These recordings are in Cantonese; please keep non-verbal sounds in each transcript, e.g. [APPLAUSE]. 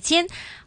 時間。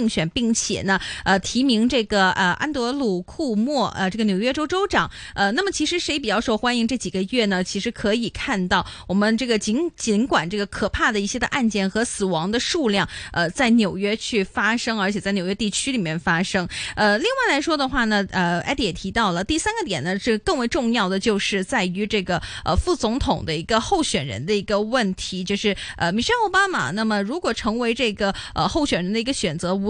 競選，並且呢，呃，提名這個呃安德魯庫莫，呃，這個紐約州州長。呃，那麼其實誰比較受歡迎？這幾個月呢，其實可以看到，我們這個盡盡管這個可怕的一些的案件和死亡的數量，呃，在紐約去發生，而且在紐約地區裡面發生。呃，另外來說的話呢，呃，艾迪也提到了第三個點呢，這更為重要的就是在於這個呃副總統的一個候選人的一個問題，就是呃米歇爾奧巴馬。Obama, 那麼如果成為這個呃候選人的一個選擇，無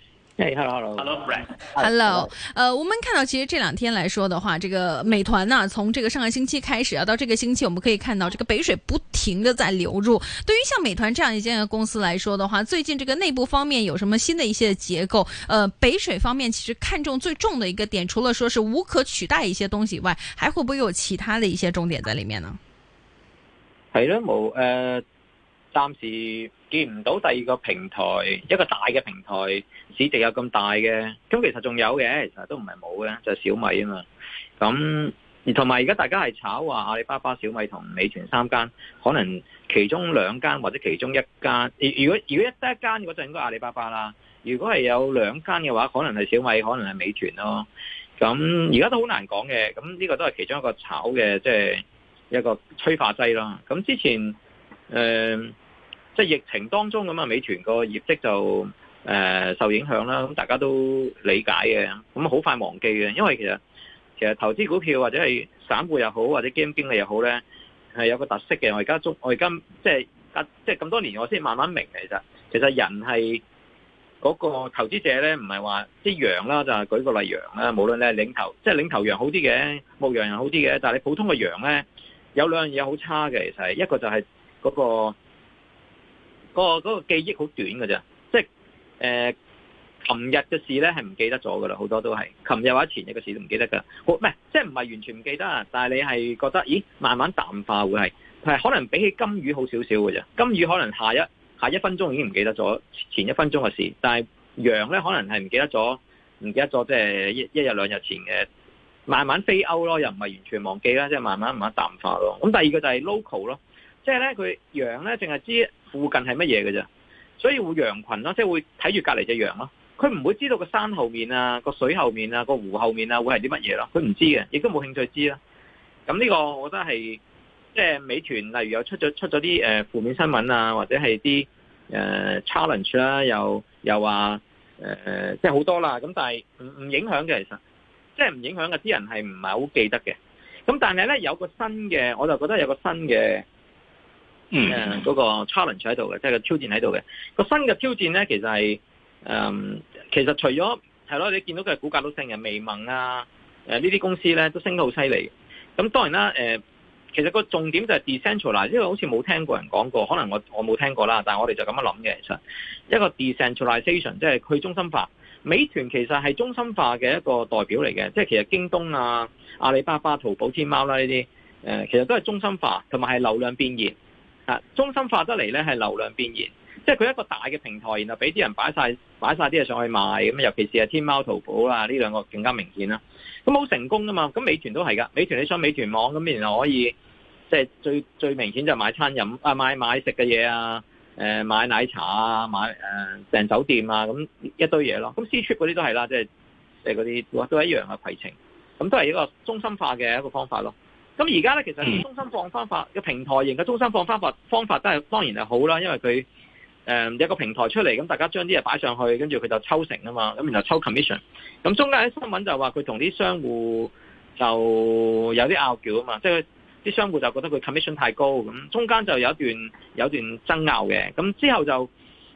h e l l o h e l l o f r l n o h e l l o 呃，我們看到其實這兩天來說的話，這個美團呢、啊，從這個上個星期開始啊，到這個星期，我們可以看到這個北水不停的在流入。對於像美團這樣一間公司來說的話，最近這個內部方面有什麼新的一些結構？呃，北水方面其實看重最重的一個點，除了說是無可取代一些東西以外，還會不會有其他的一些重點在裏面呢？係咧，冇，誒、呃，暫時。見唔到第二個平台，一個大嘅平台，市值有咁大嘅，咁其實仲有嘅，其實都唔係冇嘅，就係小米啊嘛。咁而同埋而家大家係炒話，阿里巴巴、小米同美團三間，可能其中兩間或者其中一間，如果如果一得一間嗰陣，就應該阿里巴巴啦。如果係有兩間嘅話，可能係小米，可能係美團咯。咁而家都好難講嘅。咁呢個都係其中一個炒嘅，即係一個催化劑啦。咁之前，呃即係疫情當中咁啊，美團個業績就誒受影響啦。咁大家都理解嘅，咁好快忘記嘅。因為其實其實投資股票或者係散戶又好，或者基金經理又好咧，係有個特色嘅。我而家中我而家即係即係咁多年，我先慢慢明。其實其實人係嗰個投資者咧，唔係話即羊啦，就係舉個例羊啦。無論你係領頭，即係領頭羊好啲嘅，牧羊人好啲嘅，但係你普通嘅羊咧，有兩樣嘢好差嘅。其實係一個就係嗰個。個嗰個記憶好短嘅咋，即係誒，琴日嘅事咧係唔記得咗嘅啦，好多都係琴日或者前日嘅事都唔記得㗎。好咩？即係唔係完全唔記得啊？但係你係覺得，咦，慢慢淡化會係係可能比起金魚好少少嘅啫。金魚可能下一下一分鐘已經唔記得咗前一分鐘嘅事，但係羊咧可能係唔記得咗唔記得咗，即係一一日兩日前嘅慢慢飛歐咯，又唔係完全忘記啦，即係慢慢慢慢淡化咯。咁第二個就係 local 咯，即係咧佢羊咧淨係知附近係乜嘢嘅啫，所以會羊群咯，即係會睇住隔離隻羊咯。佢唔會知道個山後面啊、個水後面啊、個湖後面啊會係啲乜嘢咯，佢唔知嘅，亦都冇興趣知啦。咁呢個我覺得係即係美團，例如有出咗出咗啲誒負面新聞啊，或者係啲誒 challenge 啦，又又話誒即係好多啦。咁但係唔唔影響嘅，其實即係唔影響嘅。啲人係唔係好記得嘅？咁但係咧有個新嘅，我就覺得有個新嘅。嗯，誒嗰個 challenge 喺度嘅，即係個挑戰喺度嘅。個新嘅挑戰咧，其實係誒、嗯，其實除咗係咯，你見到嘅股價都升嘅，微盟啊，呢、呃、啲公司咧都升得好犀利。咁、嗯、當然啦、呃，其實個重點就係 decentralize，因為好似冇聽過人講過，可能我我冇聽過啦，但係我哋就咁樣諗嘅。其實一個 decentralization 即係去中心化。美團其實係中心化嘅一個代表嚟嘅，即係其實京東啊、阿里巴巴、淘寶、天貓啦呢啲，其實都係中心化，同埋係流量變現。中心化得嚟咧，係流量變現，即係佢一個大嘅平台，然後俾啲人擺晒擺晒啲嘢上去賣，咁尤其是係天貓淘寶、淘寶啦，呢兩個更加明顯啦。咁好成功噶嘛？咁美團都係噶，美團你上美團網咁，然後可以即係、即係、最最明顯就係買餐飲啊買買買食嘅嘢啊，買買食嘅嘢啊，誒買奶茶啊，買誒訂、呃、酒店啊，咁一堆嘢咯。咁 Ctrip 嗰啲都係啦，即係即係嗰啲都都係一樣嘅携程，咁都係一個中心化嘅一個方法咯。咁而家咧，其實中心放方法嘅平台型嘅中心放方法方法都係當然係好啦，因為佢誒有一個平台出嚟，咁大家將啲嘢擺上去，跟住佢就抽成啊嘛，咁然後抽 commission。咁中間喺新聞就話佢同啲商戶就有啲拗撬啊嘛，即係啲商戶就覺得佢 commission 太高咁，中間就有一段有段爭拗嘅。咁之後就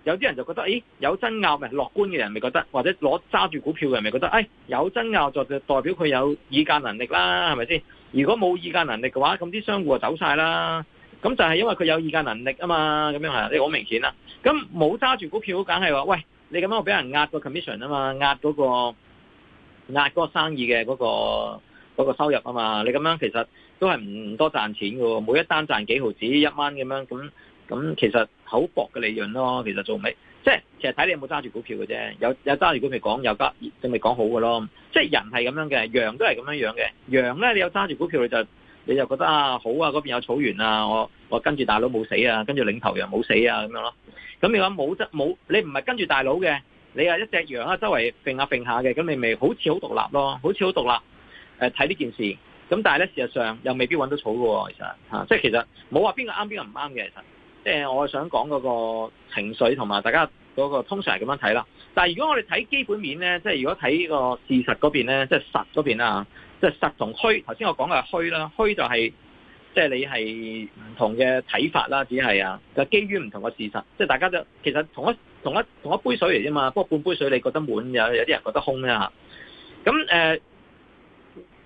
有啲人就覺得，咦、哎，有爭拗咪樂觀嘅人咪覺得，或者攞揸住股票嘅人咪覺得，誒、哎、有爭拗就代表佢有議價能力啦，係咪先？如果冇議價能力嘅話，咁啲商戶就走曬啦。咁就係因為佢有議價能力啊嘛，咁樣係你好明顯啦。咁冇揸住股票，梗係話，喂，你咁樣我俾人壓個 commission 啊嘛，壓嗰個壓嗰個生意嘅嗰個嗰個收入啊嘛。你咁樣其實都係唔多賺錢噶喎，每一單賺幾毫子一蚊咁樣，咁咁其實好薄嘅利潤咯。其實做唔起。即係其實睇你有冇揸住股票嘅啫，有有揸住股票講有揸，就未講好嘅咯。即係人係咁樣嘅，羊都係咁樣樣嘅。羊咧，你有揸住股票你就你就覺得啊好啊，嗰邊有草原啊，我我跟住大佬冇死啊，跟住領頭羊冇死啊咁樣咯。咁你話冇得，冇，你唔係跟住大佬嘅，你係一隻羊啊，周圍揈下揈下嘅，咁你咪好似好獨立咯，好似好獨立。誒、呃，睇呢件事咁，但係咧事實上又未必揾到草嘅喎，其實嚇、啊，即係其實冇話邊個啱邊個唔啱嘅其實。即係我想講嗰個情緒同埋大家嗰個通常係咁樣睇啦。但係如果我哋睇基本面咧，即係如果睇呢個事實嗰邊咧，即係實嗰邊啦，即係實同虛。頭先我講嘅係虛啦，虛就係即係你係唔同嘅睇法啦，只係啊，就係基於唔同嘅事實。即係大家就其實同一同一同一杯水嚟啫嘛。不過半杯水你覺得滿，有有啲人覺得空咧嚇。咁誒。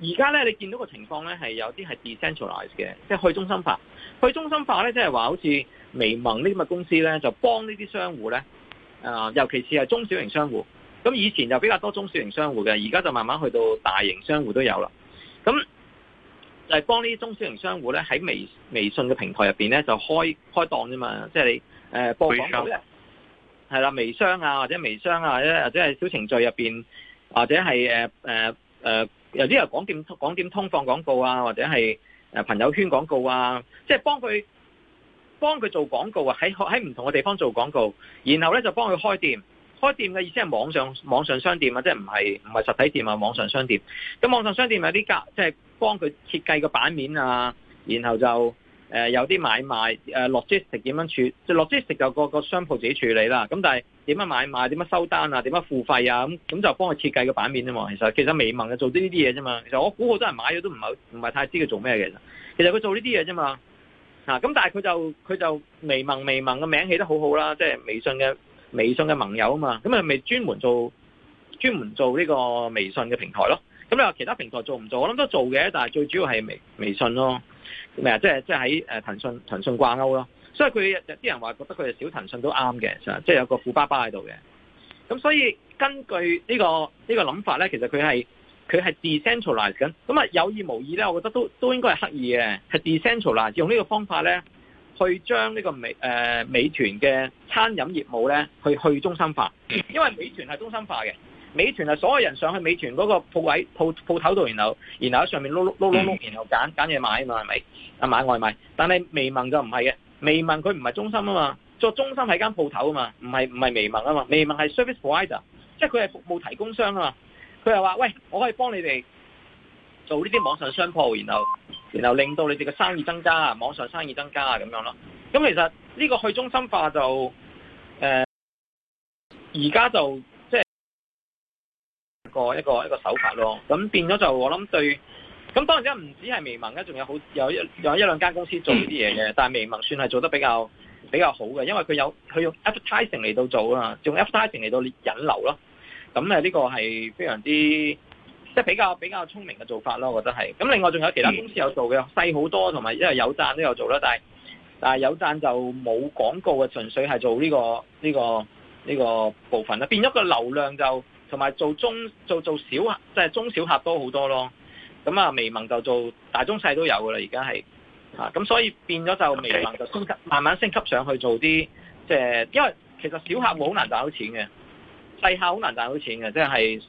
而家咧，你見到個情況咧，係有啲係 decentralized 嘅，即係去中心化。去中心化咧，即係話好似微盟呢啲咁嘅公司咧，就幫呢啲商戶咧，尤其是係中小型商戶。咁以前就比較多中小型商戶嘅，而家就慢慢去到大型商戶都有啦。咁就係幫呢啲中小型商戶咧，喺微微信嘅平台入面咧，就開開檔啫嘛。即係你誒播廣告咧，係啦，微商啊，或者微商啊，或者係小程序入面，或者係誒誒有啲係廣點通、廣點通放廣告啊，或者係朋友圈廣告啊，即係幫佢幫佢做廣告啊，喺喺唔同嘅地方做廣告，然後咧就幫佢開店。開店嘅意思係網上網上商店啊，即係唔係唔係實體店啊，網上商店。咁網上商店有啲格，即係幫佢設計個版面啊，然後就。誒、呃、有啲買賣，誒 Logistics 點樣處理？即 Logistics 就個個商鋪自己處理啦。咁但係點樣買賣？點樣收單啊？點樣付費啊？咁咁就幫佢設計個版面啫嘛。其實其實微盟嘅做啲呢啲嘢啫嘛。其實我估好多人買咗都唔係唔係太知佢做咩嘅。其實其實佢做呢啲嘢啫嘛。咁、啊！但係佢就佢就微盟微盟嘅名起得好好啦。即、就、係、是、微信嘅微信嘅盟友啊嘛。咁啊咪專門做專門做呢個微信嘅平台咯。咁你話其他平台做唔做？我諗都做嘅，但係最主要係微微信咯。咩啊？即係即係喺誒騰訊騰訊掛勾咯，所以佢有啲人話覺得佢係小騰訊都啱嘅，即係有個富爸爸喺度嘅。咁所以根據呢個呢個諗法咧，其實佢係佢係 decentralize 緊咁，咁啊有意無意咧，我覺得都都應該係刻意嘅，係 decentralize 用呢個方法咧去將呢個美誒、呃、美團嘅餐飲業務咧去去中心化，因為美團係中心化嘅。美團係所有人上去美團嗰個鋪位鋪鋪頭度，然後然後喺上面碌碌碌碌碌，然後揀揀嘢買嘛，係咪啊買外賣？但係微盟就唔係嘅，微盟佢唔係中心啊嘛，做中心係間鋪頭啊嘛，唔係唔係微盟啊嘛，微盟係 service provider，即係佢係服務提供商啊嘛，佢係話喂，我可以幫你哋做呢啲網上商鋪，然後然後令到你哋嘅生意增加，網上生意增加啊咁樣咯。咁其實呢個去中心化就誒而家就。一個一個手法咯，咁變咗就我諗對。咁當然啫，唔止係微盟咧，仲有好有一有一,有一,一,一兩間公司做呢啲嘢嘅，但係微盟算係做得比較比較好嘅，因為佢有佢用 advertising 嚟到做啊，用 advertising 嚟到引流咯。咁誒，呢個係非常之即係比較比較聰明嘅做法咯，我覺得係。咁另外仲有其他公司有做嘅細好多，同埋因為有贊都有做啦，但係但係有贊就冇廣告嘅，純粹係做呢個呢個呢個部分啦。變咗個流量就。同埋做中做做小即係中小客多好多咯，咁啊微盟就做大中細都有噶啦，而家係嚇，咁所以變咗就微盟就升級慢慢升級上去做啲即係，因為其實小客戶好難賺到錢嘅，細客好難賺到錢嘅，即係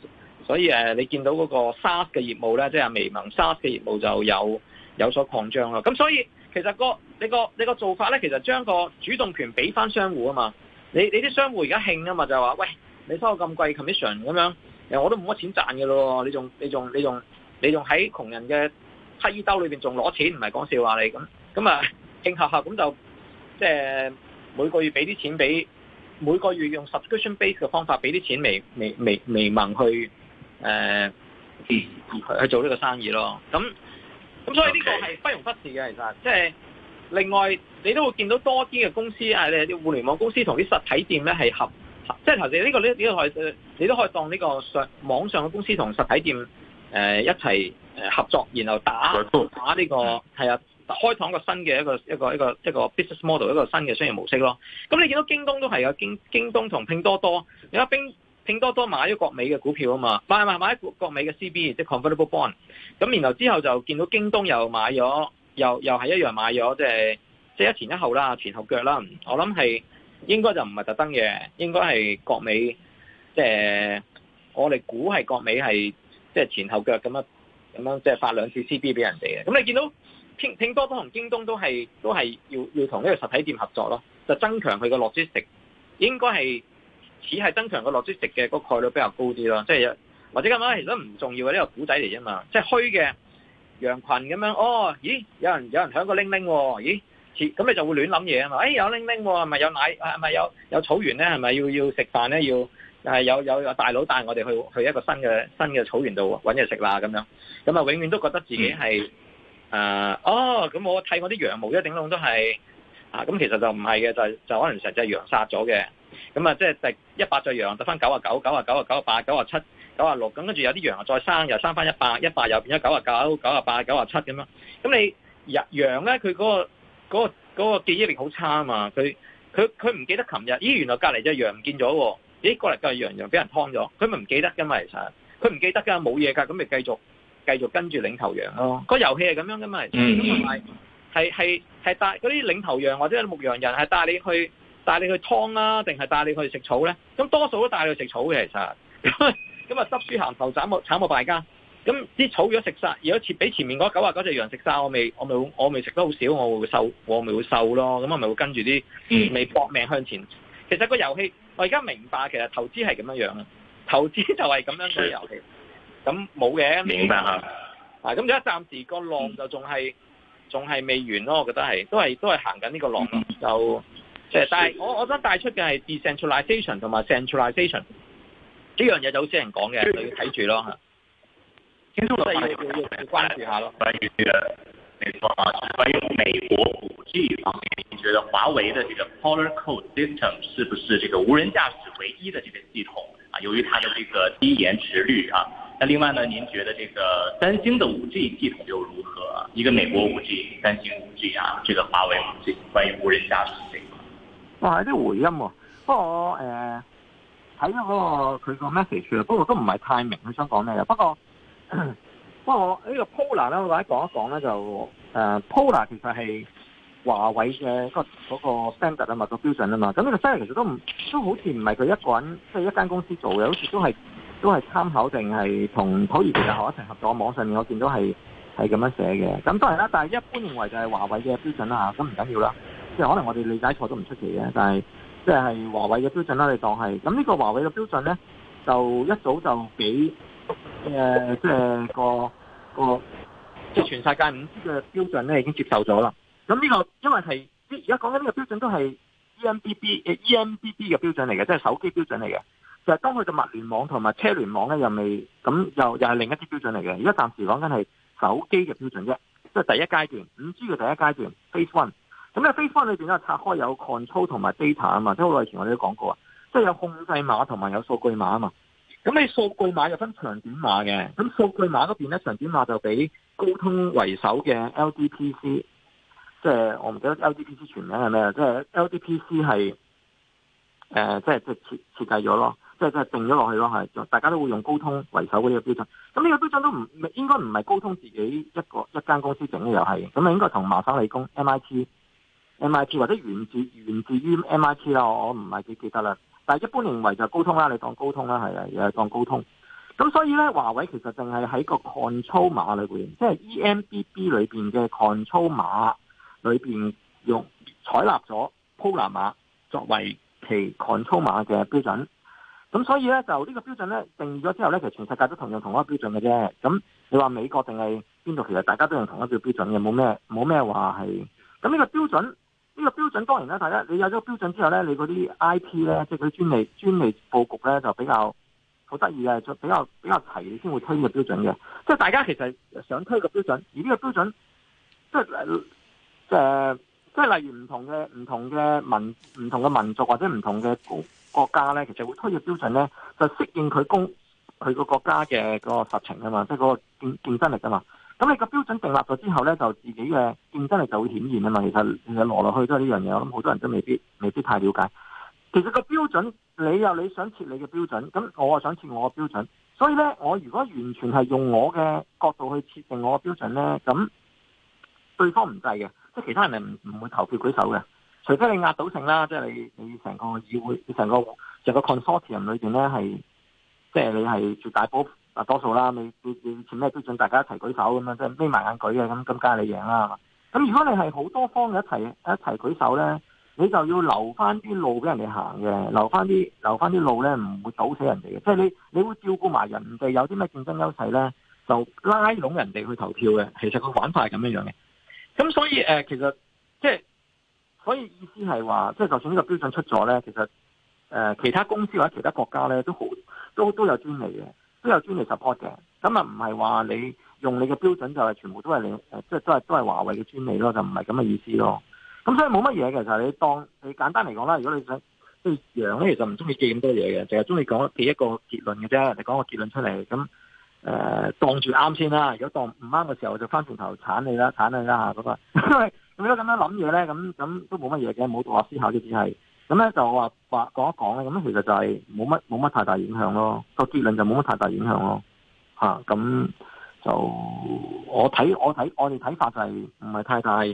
所以誒，你見到嗰個 SaaS 嘅業務咧，即係微盟 SaaS 嘅業務就有有所擴張咯。咁所以其實個你個你個做法咧，其實將個主動權俾翻商戶啊嘛，你你啲商戶而家興啊嘛，就話喂。你收我咁貴 commission 咁樣，誒我都冇乜錢賺嘅咯，你仲你仲你仲你仲喺窮人嘅乞衣兜裏邊，仲攞錢，唔係講笑話你咁，咁啊，應下下咁就即係、就是、每個月俾啲錢俾每個月用 subscription base 嘅方法俾啲錢微，微微微微盟去、呃、去做呢個生意咯。咁咁所以呢個係不容忽視嘅，其實即係、就是、另外你都會見到多啲嘅公司啊，啲互聯網公司同啲實體店咧係合。即係頭先呢個你你都可以你都可以當呢個上網上嘅公司同實體店誒、呃、一齊合作，然後打打呢、呢個係啊，開闢個新嘅一個一個一個一個 business model，一個新嘅商業模式咯。咁你見到京東都係有京京東同拼多多，而家拼拼多多買咗國美嘅股票啊嘛，買買買國美嘅 CB 即 convertible bond。咁然後之後就見到京東又買咗，又又係一樣買咗，即係即係一前一後啦，前後腳啦。我諗係。應該就唔係特登嘅，應該係國美，即係我哋估係國美係即係前後腳咁樣，咁樣即係發兩次 CB 俾人哋嘅。咁你見到拼拼多多同京東都係都係要要同呢個實體店合作咯，就增強佢個落資值，應該係似係增強個落資值嘅個概率比較高啲咯。即係或者咁樣其實都唔重要嘅呢個古仔嚟啫嘛，即係虛嘅羊群咁樣。哦，咦，有人有人響個鈴鈴喎，咦？咁你就會亂諗嘢啊嘛！誒有鈴鈴喎，係咪有奶？係咪有有草原咧？係咪要要食飯咧？要係要有有有大佬帶我哋去去一個新嘅新嘅草原度搵嘢食啦咁樣。咁啊，永遠都覺得自己係誒、呃、哦！咁我剃我啲羊毛，一頂籠都係啊！咁其實就唔係嘅，就就可能成隻羊殺咗嘅。咁啊，即係一百隻羊得翻九啊九九啊九啊九啊八九啊七九啊六。咁跟住有啲羊又再生，又生翻一百一百，又變咗九啊九九啊八九啊七咁樣。咁你羊羊咧，佢嗰、嗰個。嗰、那個嗰、那個記憶力好差啊嘛！佢佢佢唔記得琴日，咦原來隔離隻羊唔見咗喎、啊！咦過嚟個羊羊俾人劏咗，佢咪唔記得噶嘛、啊？其實佢唔記得噶，冇嘢噶，咁咪繼續繼續跟住領頭羊咯、啊。個、oh. 遊戲係咁樣噶、啊、嘛？係咪係係係帶嗰啲領頭羊或者牧羊人係帶你去帶你去劏啊，定係帶你去食草咧？咁多數都帶你去食草嘅其實，咁 [LAUGHS] 啊執輸行頭慘過慘過敗家。咁啲草如果食曬，如果切俾前面嗰九啊九隻羊食曬，我未我咪我咪食得好少，我會瘦，我咪會，會瘦咯。咁我咪會跟住啲、嗯、未搏命向前。其實個遊戲我而家明白，其實投資係咁樣樣嘅，投資就係咁樣嘅遊戲。咁冇嘅。明白吓。咁而家暫時個浪就仲係仲係未完咯，我覺得係，都係都係行緊呢個浪咯。就即係，但係我我想帶出嘅係 decentralization 同埋 centralization 呢樣嘢就好少人講嘅，你要睇住咯吓。關於這個於、這個、關於美國五 G 方面，你覺得華為的這個 Polar Code system 是不是這個無人駕駛唯一的這個系統啊？由於它的這個低延遲率啊。那另外呢，您覺得這個三星的五 G 系統又如何？一個美國五 G，三星五 G 啊，這個華為五 G 關於無人駕駛這塊、個。哇，啲回音哦。哎、還有他我不過，誒，睇到嗰個佢個 message 啊，不過都唔係太明佢想講咩啊。不過、那個。不過呢個 Polar 咧，我而家講一講咧就誒、uh，Polar 其實係華為嘅個嗰個 standard 啊嘛，個標準啊嘛。咁呢個 standard 其實都唔都好似唔係佢一個人，即係一間公司做嘅，好似都係都係參考定係同土耳其嘅學一齊合作。網上面我見到係係咁樣寫嘅。咁當然啦，但係一般認為就係華為嘅標準啦。咁唔緊要啦，即係可能我哋理解錯都唔出奇嘅。但係即係華為嘅標準啦，你當係。咁呢個華為嘅標準咧，就一早就俾。誒、呃，即係個個即係全世界五 G 嘅標準咧，已經接受咗啦。咁呢個因為係而家講緊呢個標準都係 EMBB 誒 EMBB 嘅標準嚟嘅，即係手機標準嚟嘅。就係、是、當佢嘅物聯網同埋車聯網咧，又未咁又又係另一啲標準嚟嘅。而家暫時講緊係手機嘅標準啫，即係第一階段五 G 嘅第一階段 Phase One。咁喺 Phase One 裏邊咧，拆開有 control 同埋 data 啊嘛，即係好耐前我哋都講過啊，即係有控制碼同埋有數據碼啊嘛。咁你數據碼又分長短碼嘅，咁數據碼嗰邊咧，長短碼就俾高通為首嘅 LDPC，即係我唔記得 LDPC 全名係咩，即係 LDPC 係即係即係設計咗咯，即係定咗落去咯，係大家都會用高通為首嗰啲嘅標準。咁呢個標準都唔應該唔係高通自己一個一間公司整嘅，又係咁啊，應該同麻省理工 MIT、MIT 或者源自源自於 MIT 啦，我唔係幾記得啦。但係一般認為就高通啦，你當高通啦，係啊，又係當高通。咁所以咧，華為其實淨係喺個 control 碼裏面，即係 EMBB 裏面嘅 control 碼裏面，用採納咗 Polar 碼作為其 control 碼嘅標準。咁所以咧，就呢個標準咧，定咗之後咧，其實全世界都同樣同一個標準嘅啫。咁你話美國定係邊度？其實大家都用同一個標準嘅，冇咩冇咩話係。咁呢個標準。呢個標準當然啦，大家你有咗個標準之後咧，你嗰啲 I P 咧，即係佢專利專利布局咧，就比較好得意嘅，就比較比較齊，你先會推呢個標準嘅。即係大家其實想推個標準，而呢個標準，即係誒，即係例如唔同嘅唔同嘅民唔同嘅民族或者唔同嘅國國家咧，其實會推嘅標準咧，就適應佢公佢個國家嘅個實情啊嘛，即係個競競爭力啊嘛。咁你個標準定立咗之後呢，就自己嘅競爭力就會顯現啊嘛！其實其實攞落去都係呢樣嘢，我諗好多人都未必未必太了解。其實個標準，你有你想設你嘅標準，咁我啊想設我嘅標準。所以呢，我如果完全係用我嘅角度去設定我嘅標準呢，咁對方唔制嘅，即係其他人係唔會投票舉手嘅，除非你壓倒性啦，即係你你成個議會、成個成個 consortium 裏邊呢，係，即係你係最大波。多數啦，未未未前咩標準，大家一齊舉手咁樣即係眯埋眼舉嘅咁，咁梗係你贏啦。咁如果你係好多方嘅一齊一齊舉手咧，你就要留翻啲路俾人哋行嘅，留翻啲留翻啲路咧，唔會走死人哋嘅。即係你，你會照顧埋人哋有啲咩競爭優勢咧，就拉攏人哋去投票嘅。其實個玩法係咁樣樣嘅。咁所以、呃、其實即係，所以意思係話，即係就算呢個標準出咗咧，其實、呃、其他公司或者其他國家咧，都好都都有專利嘅。都有專利 support 嘅，咁啊唔係話你用你嘅標準就係全部都係你，即係都係都係華為嘅專利咯，就唔係咁嘅意思咯。咁所以冇乜嘢嘅，其實你當你簡單嚟講啦，如果你想，即係楊咧其實唔中意記咁多嘢嘅，淨係中意講記一個結論嘅啫，人哋講個結論出嚟，咁誒當住啱先啦，如果當唔啱嘅時候就翻轉頭鏟你啦，鏟你啦嚇咁啊！咁 [LAUGHS] 如果咁樣諗嘢咧，咁咁都冇乜嘢嘅，冇獨立思考就係。咁咧就話話講一講咧，咁其實就係冇乜冇乜太大影響咯，個結論就冇乜太大影響咯。吓，咁就我睇我睇我哋睇法就係唔係太大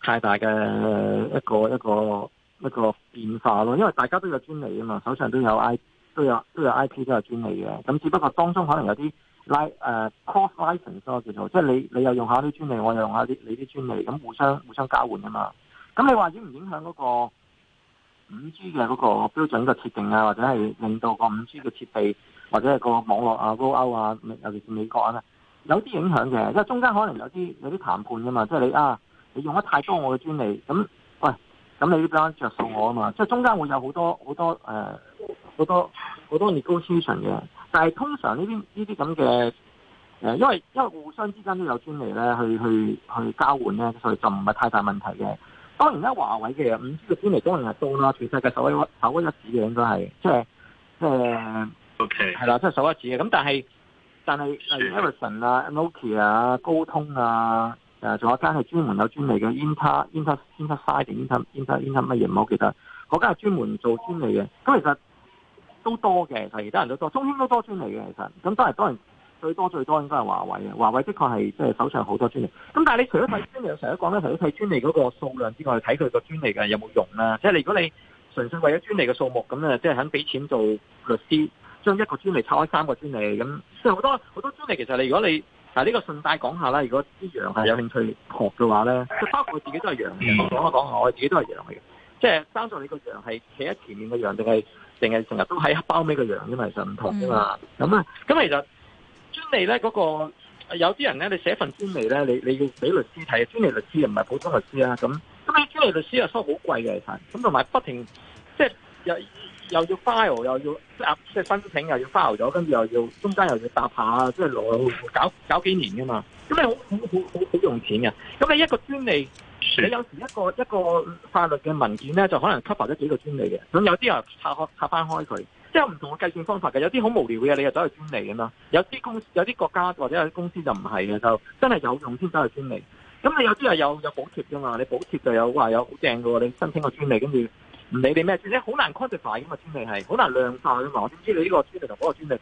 太大嘅一個一個一個變化咯，因為大家都有專利啊嘛，手上都有 I 都有都有 IP 都有專利嘅。咁只不過當中可能有啲 like 誒 cross license 咯叫做，即係你你又用下啲專利，我又用下啲你啲專利，咁互相互相交換啊嘛。咁你話影唔影響嗰個？五 G 嘅嗰個標準嘅設定啊，或者係令到個五 G 嘅設備或者係個網絡啊、高歐啊，尤其是美國啊，有啲影響嘅，因為中間可能有啲有啲談判噶嘛，即係你啊，你用得太多我嘅專利，咁喂，咁你都比較着數我啊嘛，即係中間會有好多好多誒好多好多 negotiation 嘅，但係通常呢啲呢啲咁嘅誒，因為因為互相之間都有專利咧，去去去交換咧，所以就唔係太大問題嘅。當然啦，華為嘅五 G 嘅專利當然係多啦，全世界首屈首屈一指嘅應該係，即係即係 OK，係啦，即係首屈一指嘅。咁但係但係例如 Ericsson 啊、Nokia 啊、高通啊，誒仲有一間係專門有專利嘅 Inter、Inter、Inter Side 定 Inter、Inter、Inter 乜嘢唔好記得，嗰間係專門做專利嘅。咁其實都多嘅，其實其他人都多，中興都多專利嘅其實，咁都係當然。最多最多應該係華為啊！華為的確係即係手上好多專利。咁但係你除咗睇專利，我成日都講咧，除咗睇專利嗰個數量之外，睇佢個專利嘅有冇用啦。即係你如果你純粹為咗專利嘅數目咁咧，即係肯俾錢做律師，將一個專利拆開三個專利咁，即係好多好多專利。利其實你如果你嗱呢個順帶講下啦，如果啲羊係有興趣學嘅話咧，即包括自己都係羊嚟嘅。講一講下我自己都係羊嚟嘅。即係幫助你個羊係企喺前面嘅羊，定係定係成日都喺包尾嘅羊，因為唔同啊嘛。咁啊、嗯，咁其實。專利咧嗰、那個有啲人咧，你寫份專利咧，你你要俾律師睇，專利律師又唔係普通律師啦，咁咁你專利律師又收好貴嘅，咁同埋不停即係又又要 file 又要即係即係申請又要 file 咗，跟住又要中間又要搭下，即係攞搞搞幾年㗎嘛，咁你好好好好用錢嘅，咁你一個專利，你有時一個一個法律嘅文件咧，就可能 cover 咗幾個專利嘅，咁有啲人拆開拆翻開佢。即有唔同嘅計算方法嘅，有啲好無聊嘅嘢你又走去專利啊嘛，有啲公司有啲國家或者有啲公司就唔係嘅，就真係有用先走去專利。咁你有啲又有有補貼嘅嘛？你補貼就有話有好正嘅喎，你申請個專利跟住唔理你咩先，咧好難 quantify 嘅嘛，專利係好難量化嘅嘛。我點知你呢個專利同嗰個專利？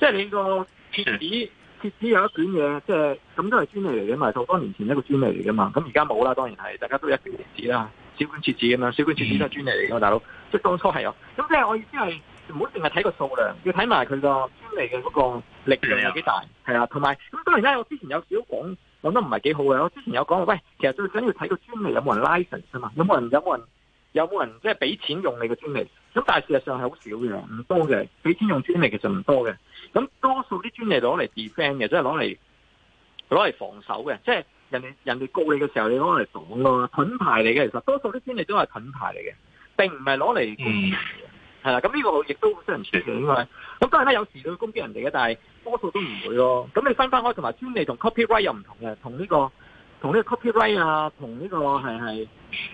即係你個設子設子有一卷嘢，即係咁都係專利嚟嘅嘛。好多年前一個專利嚟嘅嘛，咁而家冇啦，當然係，大家都一小設子啦，小管設子咁樣，小管設子都係專利嚟嘅，大佬即係當初係啊。咁即係我意思係。唔好淨係睇個數量，要睇埋佢個專利嘅嗰個力量有幾大，係啊，同埋咁當然啦，我之前有少少講，講得唔係幾好嘅，我之前有講，喂，其實最緊要睇個專利有冇人 license 啊嘛，有冇人有冇人有冇人即係俾錢用你個專利，咁但係事實上係好少嘅，唔多嘅，俾錢用專利其實唔多嘅，咁多數啲專利攞嚟 defend 嘅，就是，即係攞嚟攞嚟防守嘅，即係人哋人哋告你嘅時候，你攞嚟擋咯，盾牌嚟嘅，其實多數啲專利都係盾牌嚟嘅，並唔係攞嚟。嗯係啦，咁呢個亦都識唔住嘅，應該。咁當然啦，有時佢攻擊人哋嘅，但係多數都唔會咯。咁你分返開，同埋專利 cop、right、同 copyright 又唔同嘅，同呢、這個同呢 copyright 啊，同呢、這個係係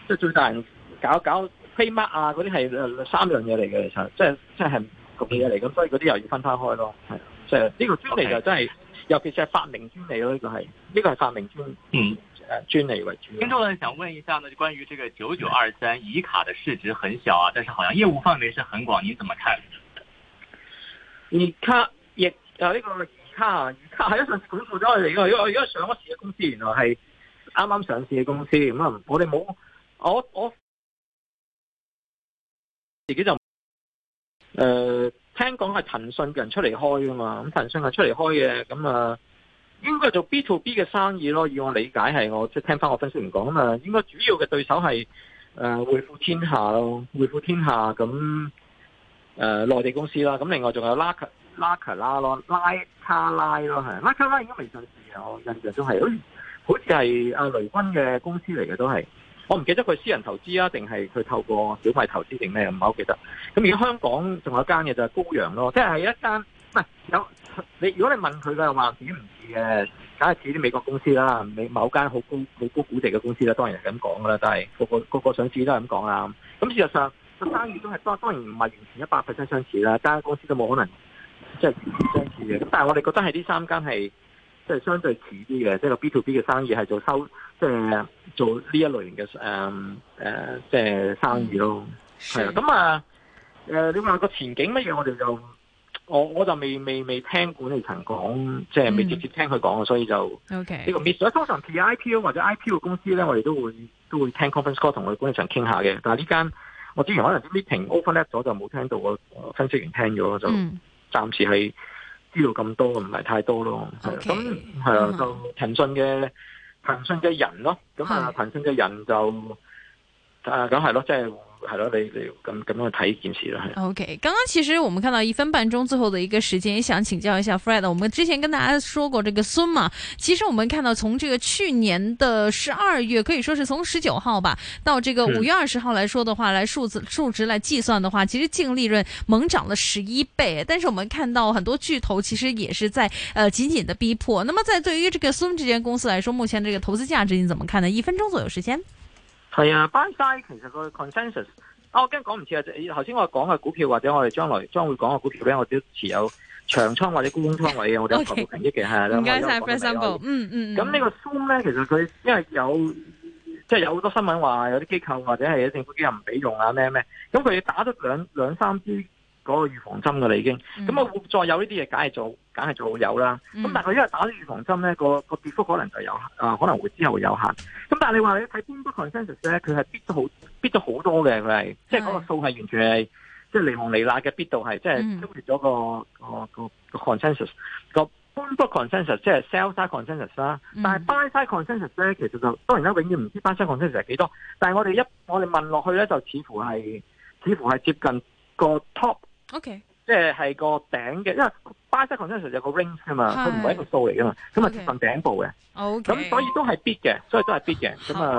即係最大人搞搞 Trademark 啊嗰啲係三樣嘢嚟嘅，其實即係即係係嘅嘢嚟。咁、就是就是、所以嗰啲又要分返開咯，係即係呢個專利就真係，Okay. 尤其是係發明專利咯，呢、這個係呢、這個係發明專利嗯。觀眾咧想問一下呢，關於這個九九二三移卡的市值很小啊，但是好像業務範圍是很廣，你怎麼看？移卡亦啊呢個移卡啊，這個、移卡係一份股票咗係哋噶，因為我而家上咗市嘅公司，原來係啱啱上市嘅公司，咁啊，我哋冇我我自己就誒、呃，聽講係騰訊嘅人出嚟開噶嘛，咁騰訊係出嚟開嘅，咁啊。呃應該做 B to B 嘅生意咯，以我理解係我即係聽翻我分析員講嘛，應該主要嘅對手係誒匯富天下咯，匯富天下咁誒、呃、內地公司啦。咁另外仲有 l a 拉，拉，拉卡拉咯，拉差拉咯係，拉卡拉應該未上市嘅，我印象中、就、係、是哎、好似係阿雷軍嘅公司嚟嘅都係。我唔記得佢私人投資啊，定係佢透過小米投資定咩唔係好記得。咁而家那在香港仲有一間嘅就係高陽咯，即係係一間。有你，如果你問佢嘅話，自己唔似嘅，梗係似啲美國公司啦，美某間好高好高估值嘅公司啦，當然係咁講噶啦，但係個個個個上市都係咁講啦。咁事實上個生意都係當當然唔係完全一百 percent 相似啦，間公司都冇可能即係相似嘅。咁但係我哋覺得係呢三間係即係相對似啲嘅，即係個 B to B 嘅生意係做收，即係做呢一類型嘅誒誒，即係生意咯。係啊，咁啊誒，你話個前景乜嘢，我哋就。我我就未未未聽管理層講，即係未直接聽佢講啊，所以就呢個 miss 咗。通常 pre-IPO 或者 IPO 嘅公司咧，我哋都會都會聽 conference call 同我哋管理層傾下嘅。但係呢間我之前可能啲 meeting overlap 咗，就冇聽到個分析員聽咗，就暫時係知道咁多，唔係太多咯。咁係啊，就騰訊嘅騰訊嘅人咯。咁啊，騰訊嘅人就啊梗係咯，即係。係咯，你你咁咁樣去睇件事啦，係。OK，剛剛其實我們看到一分半鐘最後的一個時間，也想請教一下 Fred，我們之前跟大家說過這個 Zoom 嘛，其實我們看到從這個去年的十二月，可以說是從十九號吧，到這個五月二十號來說的話，的來數字數值來計算的話，其實淨利潤猛漲了十一倍，但是我們看到很多巨頭其實也是在，呃，緊緊的逼迫。那麼在對於這個 Zoom 這間公司來說，目前這個投資價值你怎麼看呢？一分鐘左右時間。係啊，buy side 其實個 consensus，啊我驚講唔切啊，頭先我講嘅股票或者我哋將來將會講嘅股票咧，我都持有長倉或者沽空倉位嘅， [LAUGHS] 我哋全部平息嘅係啦。唔該晒 f r e 嗯嗯嗯。咁、嗯嗯、呢個 zoom 咧，其實佢因為有即係、就是、有好多新聞話有啲機構或者係啲政府機構唔俾用啊咩咩，咁佢打咗兩兩三支嗰個預防針噶啦已經，咁、嗯、我、嗯、再有呢啲嘢梗係做。梗係仲有啦，咁但係因為打啲預防針咧，嗰個、嗰個跌幅可能就有啊可能會之後有限。咁但係你話你睇邊波 consensus 咧，佢係 bit 到好 bit 到好多嘅，佢係的即係嗰個數係完全係即係尼蒙尼娜嘅 bit 度係即係超越咗個、嗯、個個，個 consensus 個邊波 consensus 即係 sell consensus、嗯、side consensus 啦，但係 buy side consensus 咧其實就當然啦，永遠唔知 buy side consensus 係幾多少，但係我哋一我哋問落去咧就似乎係似乎係接近個 top。OK。即係個頂嘅，因為巴塞克先生就係個 ring 啊嘛，佢唔係一個數嚟噶嘛，咁啊 Okay. 接近頂部嘅，咁 Okay. 所以都係 bit 嘅，所以都係 bit 嘅，咁 [LAUGHS] 啊。 [LAUGHS]